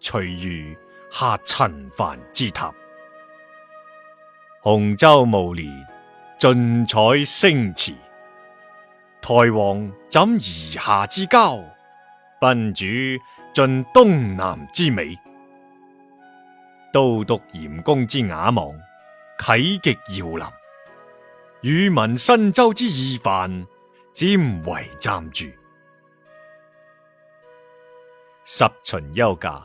徐孺下陳蕃之榻，雄州霧列，俊采星馳，台隍枕夷夏之交，賓主盡東南之美。都督閻公之雅望，棨戟遙臨，宇文新州之懿範，襜帷暫駐，十旬休假。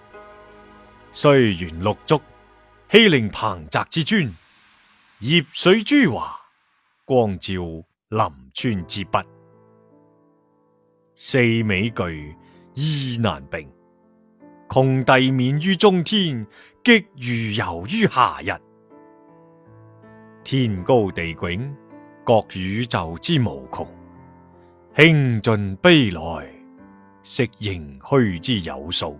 睢園綠竹，氣凌彭澤之樽；鄴水朱華，光照臨川之筆。四美具，二難並；窮睇眄於中天，極娛遊於暇日。天高地迥，覺宇宙之無窮；興盡悲來，識盈虛之有數。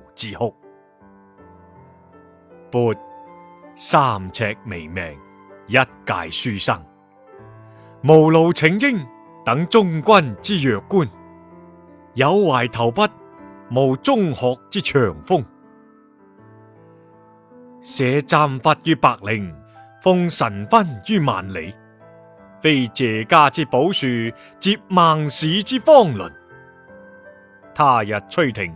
嗟乎，勃三尺微命，一介書生，無路請纓，等終軍之弱冠；有懷投筆，慕宗悫之長風。舍簪笏於百齡，奉晨昏於萬里，非謝家之寶樹，接孟氏之芳鄰。他日趨庭。